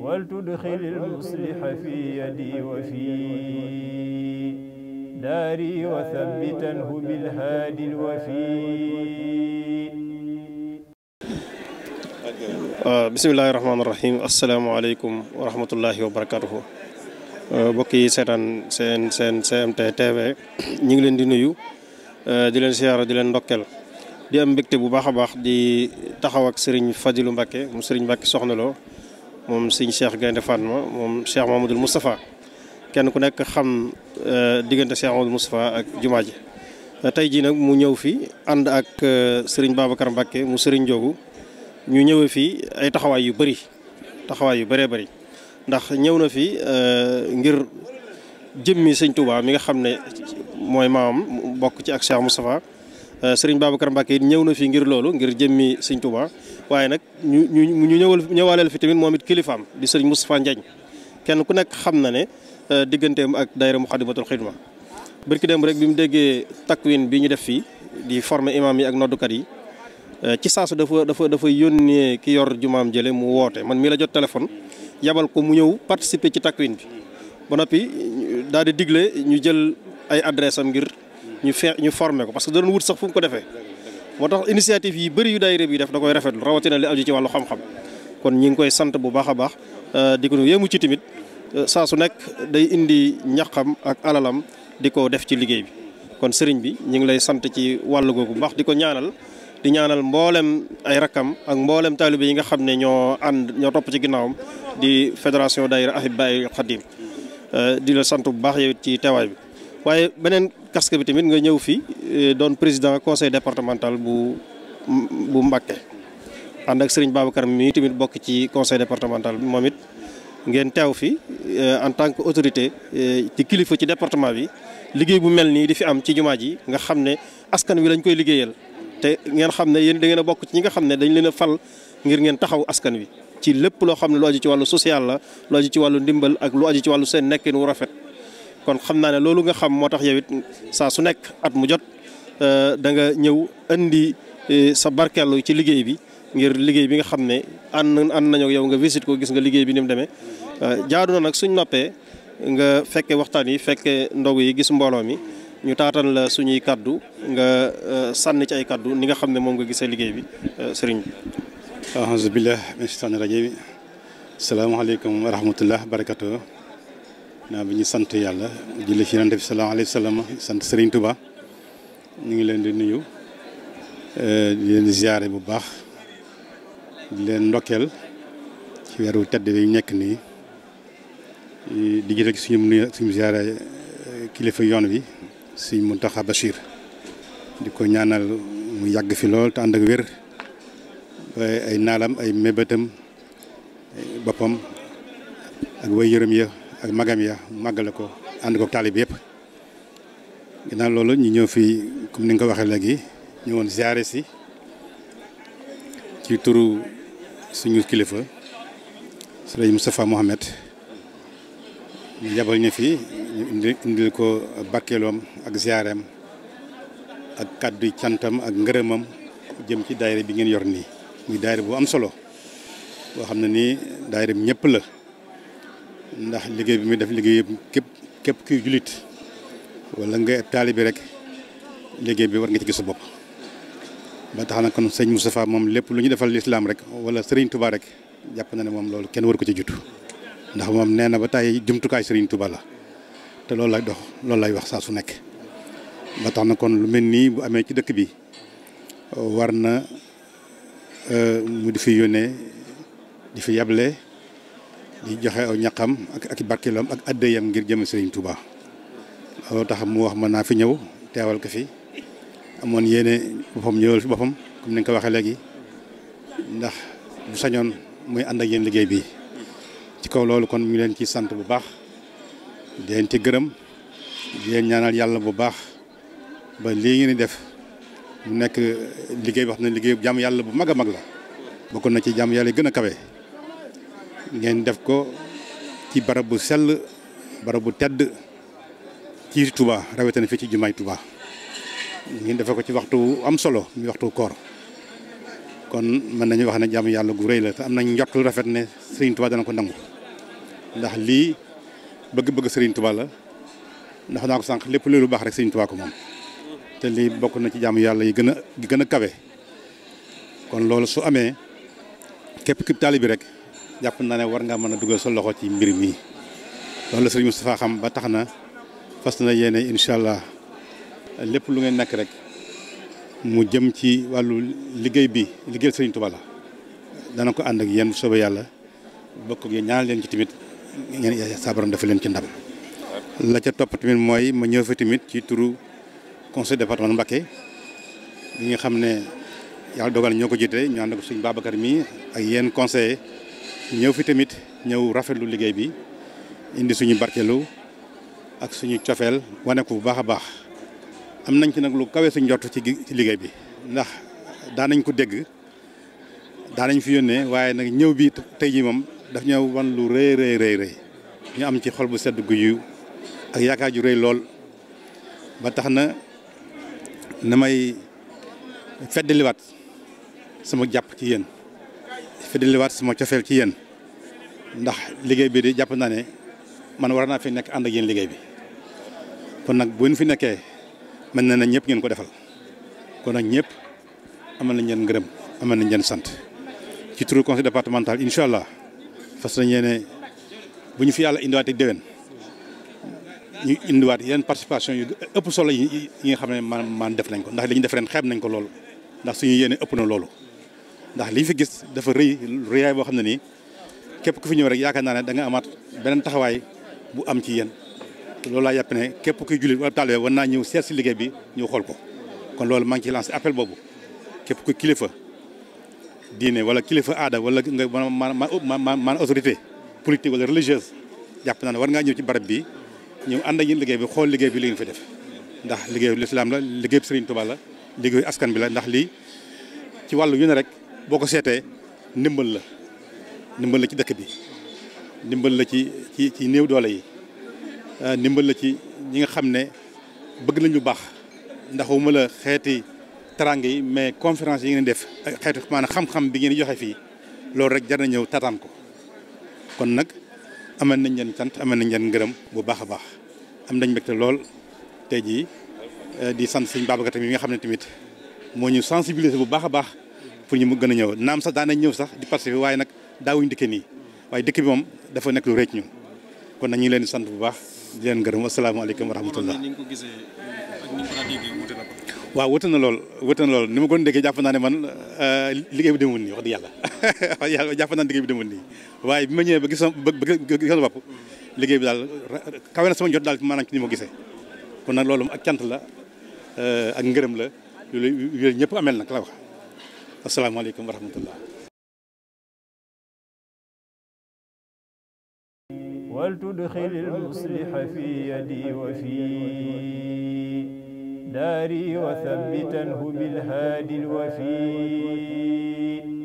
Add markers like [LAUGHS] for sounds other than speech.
ولتدخل المصلح في يدي وفي داري وثبتنه بالهادي الوفي bisimilahi rahmaani rahim asalaamaaleykum wa rahmatullahi wa barakatuhu mbokk yi seetaan seen seen GMT TV ñu ngi leen di nuyu di leen siyaara di leen ndokkeel di am mbégte bu baax a baax di taxawak ak Serigne Fadilou Mbacke mu Serigne Mbacke soxna loo moom sëñ Cheikh Gaynde Fatma moom Cheikh Mamadou Moustapha kenn ku nekk xam euh, diggante Cheikh Mamadou Moustapha ak jumaa ji euh, tey jii nag mu ñëw fi ànd ak euh, sëriñ Babacar Mbacke mu sëriñ Njoogu ñu ñëwee fii ay taxawaay yu bëri taxawaay yu bëree bëri ndax ñëw na fi ngir jëmmi sëñ Touba mi nga xam ne mooy maam bokk ci ak Cheikh Moustapha sëriñ Babacar Mbacke ñëw na fi ngir loolu ngir jëmmi sëñ Touba waaye nag ñu ñu ñu ñëwal ñëwaaleel fi tamit moom it kilifaam di sëriñ Moustapha Ndiagne kenn ku nekk xam na ne euh, digganteem ak daayira Muxaddamatul Xidma barki dem rek bi mu déggee takwin bi ñu def fii di former imam yi ak noddukat yi euh, ci saasu dafa dafa dafa yónnee ki yor jumaam jële mu woote man mii la jot téléphone yabal ko mu ñëw participer ci takwin bi ba noppi daal di digle ñu jël ay adresse am ngir ñu fe ñu former ko parce que da wut sax fu mu ko defee boo tax initiative yi bëri yu daayira bi def da koy rafetlu rawatina li aju ci wàllu xam-xam kon ñi ngi koy sant bu baax a baax euh, di ko yéemu ci tamit euh, saa su day indi ñaxam ak alalam di ko def ci liggéey bi kon sëriñ bi ñu ngi lay sant ci wàll googu bu baax di ko ñaanal di ñaanal mboolem ay rakkam ak mboolem taalibe yi nga xam ne ñoo ànd ñoo topp ci ginnaaw ginnaawam di fédération daayira Ahibahil Khadim euh, di la sant bu baax yow ci teewaay bi waaye beneen casque bi tamit nga ñëw fii euh, doon président conseil départemental bu bu Mbacké ànd ak Serigne Babacar mii tamit bokk ci conseil départemental bi moom it ngeen teew fi euh, en tant que autorité ci euh, kilifa ci département bi liggéey bu mel nii di fi am ci jumaa ji nga xam ne askan wi lañ koy liggéeyal te ngeen xam ne yéen da ngeen a bokk ci ñi nga xam ne dañu leen a fal ngir ngeen taxaw askan wi ci lépp loo xam ne lu aju ci wàllu social la lu aju ci wàllu ndimbal ak lu ci wàllu seen nekkin wu rafet kon xam naa ne loolu nga xam moo tax yow it saa su nekk at mu jot euh, da nga ñëw indi euh, sa barkeelu ci liggéey bi ngir liggéey bi nga xam ne ànd ànd nañoo yow nga visite ko gis nga liggéey bi ni mu demee euh, jaadu na nag suñ noppee nga fekke waxtaan yi fekke ndogu yi gis mbooloo mi ñu taatal la suñuy kàddu nga sànni ci ay kaddu ni nga xam ne moom nga gisee liggéey bi sëriñ bi ahousubillah min shaytaani rajim asalaamaaleykum wa rahmatullah barakatuh naa bi ñu sant yàlla julli ci Yonent bi sallallahu alayhi wa sant sëriñ Touba ñu ngi leen di nuyu eh, leen ziare bu baax leen ndokkeel ci weeru tedd yi nekk nii di jiital ci suñu nuyu ak suñu ziare eh, kilifa yoon wi Serigne Mountakha Bachir di ko ñaanal mu yàgg fi lool te ànd ak wér ay naalam ay mébétam boppam ak way yërëm ya ak magam ya màggale ko ànd ko taalib yëpp ginnaaw loolu ñu ñëw fii comme ni nga ko waxee léegi ñëwoon ziare si ci turu suñu kilifa sëriñ Moustapha Mohamed ñu yabal ñu fi ñu indil ko bàkkeeloom ak ziareem ak kàddu cantam ak ngërëmam jëm ci daayira bi ngeen yor nii muy daayira bu am solo boo xam ne nii daayira bi ñëpp la ndax liggéey bi muy def liggéey yëpp képp képp kuy jullit wala nga taalibi rek liggéey bi war nga ci gis sa bopp. ba tax na kon sëñ Moustapha moom lépp lu ñu defal lislaam rek wala sëriñ Touba rek jàpp na ne moom loolu kenn war ko ci jutu ndax moom nee na ba tey jumtukaay sëriñ Touba la te loolu lay dox loolu lay wax saa su nekk. ba tax na kon lu mel nii bu amee ci dëkk bi war na euh, mu di fi yónnee di fi yable di joxe aw ñaqam ak ak barkeelam ak addéeyam ngir jëme Serigne Touba loolu tax mu wax mën naa fi ñëw teewal ko fi amoon yéene boppam ñëwal fi boppam comme ni nga ko waxee léegi ndax bu sañoon muy ànd ak yéen liggéey bi ci kaw loolu kon ñu leen ci sant bu baax di leen ci gërëm di leen ñaanal yàlla bu baax ba lii ngeen di def mu nekk liggéey wax na liggéey jàmm yàlla bu mag a mag la bokk na ci jàmm yàlla yi gën a kawe. ngeen def ko ci barab bu sell barab bu tedd ci tubaa rawatina fi ci jumaay tubaa ngeen defe ko ci waxtu am solo mi waxtu koor kon mën nañu wax ne jaamu yàlla gu rëy la te am nañ lu rafet ne Serigne Touba dana ko nangu ndax lii bëgg-bëgg sëriñ Touba la ndax naa ko sànq lépp lu baax rek Serigne Touba ko moom te lii bokk na ci jaamu yàlla yi gën a gën a kawe kon loolu su amee képp képp taalibe rek. jàpp naa ne war nga mën a dugal sa loxo ci mbir mi loolu la sëriñ Moustapha xam ba tax na fas na yéene incha allah lépp lu ngeen nekk rek mu jëm ci wàllu liggéey bi liggéeyal sëriñ Tuubaa la dana ko ànd ak yéen bu soobee yàlla bokk ak yéen leen ci tamit ngeen saabaram dafa leen ci ndam la ca topp tamit mooy ma ñëw fa tamit ci turu conseil départemental Mbacké bi nga xam ne yàlla dogal ñoo ko jiite ñu ànd ak suñu Babacar mi ak yéen conseiller ñëw fi tamit ñëw rafetlu liggéey bi indi suñu barkeelu ak suñu cofeel wane ko bu baax a baax am nañ ci nag lu kawe suñ njort ci ci liggéey bi ndax daanañ ko dégg daanañ fi yónnee waaye nag ñëw bi tey jii moom daf ñëw wan lu rëy rëy rëy rëy ñu am ci xol bu sedd guyu ak yaakaar ju rëy lool ba tax na na may feddaliwaat sama jàpp ci yéen fideliwaat sama cofeel ci yéen ndax liggéey bi de jàpp naa ne man war naa fi nekk ànd ak yéen liggéey bi kon nag bu fi nekkee mën na ne ñëpp ngeen ko defal kon nag ñëpp amal nañ leen ngërëm amal nañ leen sant ci turu conseil départemental incha allah fas nañ yéene bu ñu fi yàlla indiwaatee déwén ñu indiwaat yeneen participation yu ëpp solo yi yi nga xam ne man man def nañ ko ndax li ñu def ren xeeb nañ ko loolu ndax suñu yéene ëpp na loolu. ndax li fi gis dafa rëy rëyaay boo xam ne nii képp ku fi ñëw rek yaakaar naa ne danga amaat beneen taxawaay bu am ci yéen loolu laa yàpp ne képp kuy jullit wala taalibe war naa ñëw seet si liggéey bi ñëw xool ko kon loolu maa ngi ci lancé appel boobu képp ku kilifa diine wala kilifa aada wala nga man autorité politique wala religieuse jàpp naa ne war ngaa ñëw ci barab bi ñëw ànd ak liggéey bi xool liggéey bi li ngeen fi def ndax liggéeyu lislaam la liggéeyu Sëriñ Tuubaa la liggéeyu askan bi la ndax lii ci wàllu yu ne rek boo ko seetee ndimbal la ndimbal la ci dëkk bi ndimbal la ci ci ci néew doole yi euh, ndimbal la ci ñi nga xam ne bëgg nañ bu baax ndax wu ma la xeeti teraanga yi mais conférence yi ngeen def ak xeetu maanaam xam-xam bi ngeen joxe fii loolu rek jar na ñëw tataan ko kon nag amal nañ leen sant amal nañ leen ngërëm bu baax a baax am nañ mbégte lool tey ji euh, di sant sëñ Babacar tamit yi nga xam ne tamit moo ñu sensibiliser bu baax a baax. pour ñu mu gën a ñëw naam sax daan nañ ñëw sax di participer waaye nag daawuñ dëkk nii waaye dëkk bi moom dafa nekk lu rëcc ñun kon nag ñu leen di bu baax di leen gërëm asalaamaaleykum wa rahmatullah. waaw wute na lool wute na lool ni ma ko déggee jàpp naa ne man euh, liggéey bi demul nii yàlla [LAUGHS] wax yàlla jàpp naa ne liggéey bi demul waaye bi ma ñëwee ba gis sama ba gis sama bopp liggéey bi daal kawe na sama jot daal maanaam ci ni ma gisee kon nag loolu ak cant la euh, ak ngërëm la yooyu yooyu ñëpp amel nag la wax. asalaamaaleykum wa rahmatullah wal tudxilil musliha fi yadi wa fi daari wa thabbitanhu bil haadi al wafi